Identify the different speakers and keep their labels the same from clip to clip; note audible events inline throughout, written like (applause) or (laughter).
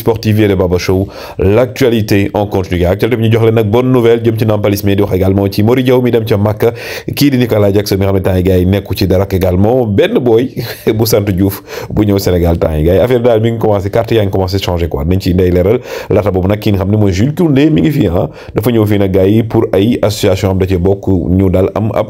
Speaker 1: Sport TV le Baba Show l'actualité en continu gars actualité bi ñu jox leen nag bonne nouvelle jëm ci nampalis mais di wax également ci Mori Diaw mi dem ca Makka kii di Nicolas Jackson mi xam ne temps yi gars yi nekku ci dara ak également benn booy (laughs) bu sant Diouf bu ñëw Sénégal temps yi affaire daal mi ngi commencé carte yaa ngi commencé changer quoi nañ ci ndey leeral laata boobu nag ki nga xam Jules Koundé mi ngi fii ah dafa ñëw fii nag gars yi pour ay association am da cee bokk ñu daal am ab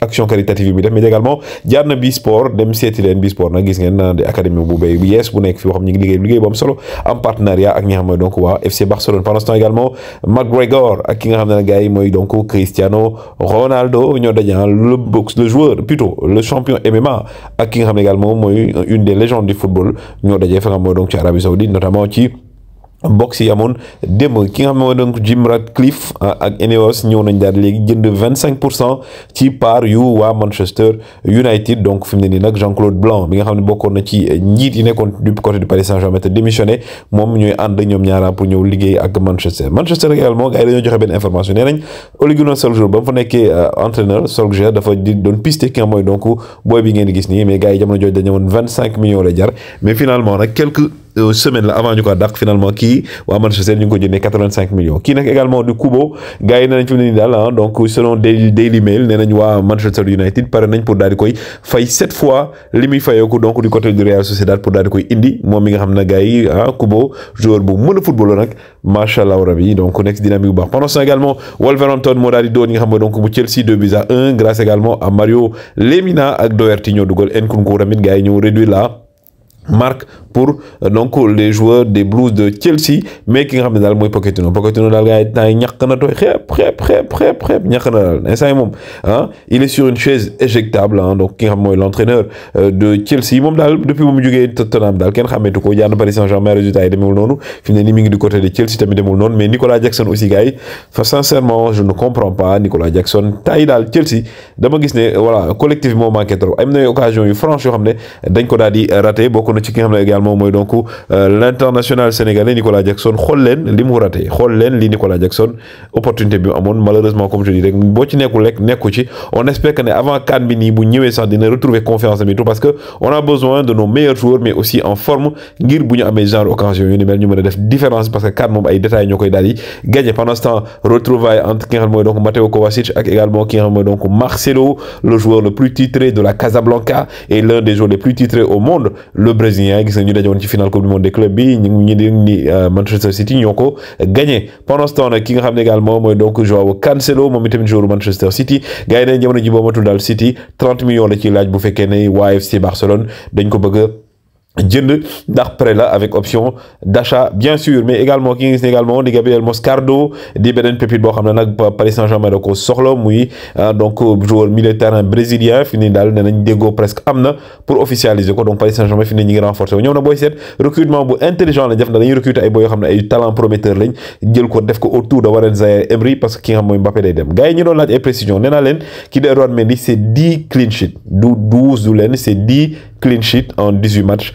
Speaker 1: action caritative bi def mais également jaar na bi sport dem seeti leen bi sport nag gis ngeen ah, di académie bu béy bu yees bu nekk fi xam ñu ngi liggéey liggéey solo partenariat ak ñi xam donc wa FC Barcelone pendant ce temps également McGregor ak ki nga xam na gars moy donc Cristiano Ronaldo ñoo dañal hein, le box le joueur plutôt le champion MMA ak ki nga xam également moy une des légendes du football ñoo dajé fa nga donc ci Arabie Saoudite notamment ci box yi amoon démb ki nga xam donc Jim Ratcliffe ah, ak Eneos ñew nañ daal légui jënd 25% ci part yu wa Manchester United donc fimné ni nak Jean-Claude Blanc bi nga xam bokkon na ci njiit yi nekkoon du côté du Paris Saint-Germain te démissionné mom ñuy and ñom ñaara pour ñew liggéey ak Manchester Manchester également gars yi dañoo joxe ben information né nañ Ole Gunnar Solskjaer ba fa nekkee euh, entraîneur Solskjaer dafa di doon piste ki moy donc Boy bi ngeen gis ni mais gars jamono jooju dañu amoon 25 millions la jar mais finalement nak quelques euh, semaine la avant ñu ko dàq finalement ki wa Manchester ñu ko jëndee 85 millions qui nak également du Kubo gaay nañ fi ni dal ah, donc selon Daily Daily Mail nee wa Manchester United paré nañ pour dal koy fay 7 fois limi muy donc du côté du Real Sociedad pour dal koy indi moom mi nga xamna gaay gars ah Kubo joueur bu mën football nak machallah allah rabi donc next dynamique bu pendant ce également Wolverhampton mo dal di ñi nga xam donc bu Chelsea deux buts à un grâce également à Mario Lemina ak Doherty ñoo donc Nkunku tamit gars yi ñoo réduit la marque pour euh, donc les joueurs des Blues de Chelsea mais qui nga xam ne daal mooy Pochettino Pochettino daal gars yi temps yi ñàkk na tooy xeeb xeeb xeeb xeeb xeeb ñàkk na instant ah il est sur une chaise éjectable hein, donc qui nga xam l'entraîneur euh, de Chelsea moom dal depuis bu mu jógee Tottenham daal kenn xàmmeetu ko jaar na Paris Saint-Germain résultat yi demeewul noonu fi mu mi ngi du côté de Chelsea tamit demeewul non mais Nicolas Jackson aussi gars yi sincèrement je ne comprends pas Nicolas Jackson temps dal daal Chelsea dama gis que voilà collectif moo manqué trop am na occasion yu franche yoo xam ne dañ ko daal di raté beaucoup ci ki nga également donc euh, l'international sénégalais Nicolas Jackson xool leen li mu raté xool li Nicolas Jackson opportunité bi malheureusement comme je dis rek boo ci nekkul rek nekku ci on espère que ne avant Cannes bi nii bu ñëwee sax dina retrouver confiance am tout parce que on a besoin de nos meilleurs joueurs mais aussi en forme ngir bu ñu amee genre occasion yu ñu mën a def différence parce que CAN moom ay détails ñoo koy daal di gagné pendant ce temps retrouvaille entre ki nga donc Mateo Kovacic ak également ki nga xam donc Marcelo le joueur le plus titré de la Casablanca et l'un des joueurs les plus titrés au monde le brésilien gis nga ñu daje woon ci final coupe du monde des clubs bi ñu ngi ñu ni euh, Manchester City ñoo ko gagné pendant ce nag ki nga xam ne également mooy donc Joao Cancelo moom itamit joueur Manchester City gars yi dañ jamono daal City 30 millions la ciy laaj bu fekkee ne waa FC Barcelone dañ ko bëgg jënd ndax prêt avec option d'achat bien sûr mais également ki également di Gabriel Moscardo di beneen pépite de nak Paris Saint-Germain da ko oui muy euh, donc joueur militaire brésilien fini dans le dégo presque amna pour officialiser ko donc Paris Saint-Germain fini ñi renforcer ñom a na boy set recrutement bu intelligent la def na dañuy recruter ay boy yoo ay talent prometteur lañ jël ko def ko autour de Warren Zaïre-Emery parce que ki nga xam mooy Mbappé day dem gars ñu laaj précision nee naa leen kii Mendy c'est 10 clean sheet du douze du c'est 10 clean sheet en 18 matchs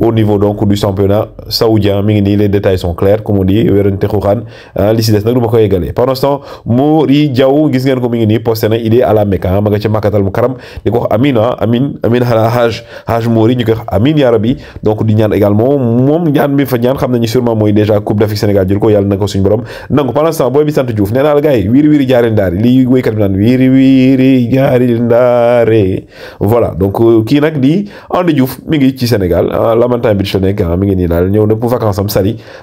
Speaker 1: au niveau donc du championnat saoudien mi ngi nii les détails sont clairs comme on dit wérante xuxaan euh, li ci dess nak du ma ko yeggale pendant ce temps Mory Diaw gis ngeen ko mi ngi ni posté na il est à la Mecca ah, ma nga ci màkkatal mu karam diko ko wax amina ah, amin amin hala haj haj mouri ñu ko wax amin ya rabbi donc di ñaan également mom ñaan mi fa ñaan xamna ñi sûrement moy déjà Coupe d'Afrique Sénégal jël ko yalla na suñu borom nangu pendant ce temps booy bi sante Diouf néna la gay wiri wiri wiiri daari li lii kat nan wiri wiri wiiri daari voilà donc euh, ki nak di andi Diouf mi ngi ci Sénégal ah, Amantan Bichonnek ah, mi ngi nii dal na pour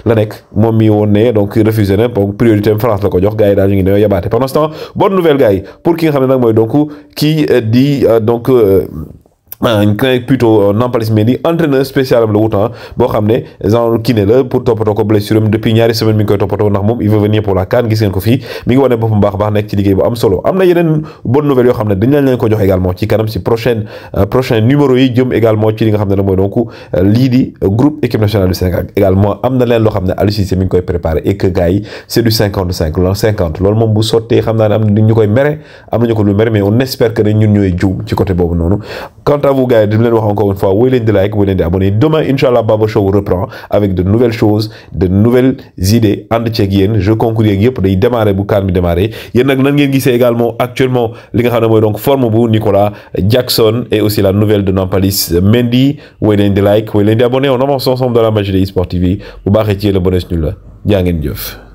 Speaker 1: la nek mom mi ne donc refusé né donc priorité en France la jox gars yi ñu ngi ne yabaté pendant ce bonne nouvelle gars pour ki nga xamné donc euh, dit euh, donc euh, ñu ah, koy plutôt euh, Nampalys Mendy entraîneur spécial am la wutan hein, boo genre kiné la pour toppatoo ko blessure depuis ñaari semaine mi ngi koy toppatoo nak mom il veut venir pour la CAN gis ngeen ko fi mi ngi wane boppam baax baax nekk ci ligue bu am solo amna yenen bonne nouvelle yo xamné dañ lañ leen ko jox également ci kanam ci prochaine euh, prochain numéro yi jëm également ci li nga xamné la mooy donc euh, li di groupe équipe nationale du Sénégal également amna na lo xamné xam ne mi ngi koy préparer et que gars yi c' du 55 cinq 50 lol mom bu sottee xamna am na ñu koy mere am nañu ko lu méré mais on espère que ñun ñoy juum ci côté bobu boobu quand vous, gars, je vous encore une fois, vous les likes, vous les abonnés. Demain, Inch'Allah, Babo Show reprend avec de nouvelles choses, de nouvelles idées. And check je conclue avec yep, les démarrer, vous calme démarrer. Il y en Yen, nak, nan, c'est également, actuellement, les gars, donc, forme vous, Nicolas Jackson, et aussi la nouvelle de Nampalis Mendy. Vous les likes, vous les d'abonner. On avance ensemble dans la magie de eSport TV. Vous barretiez le bonus nul. Yangen Diouf.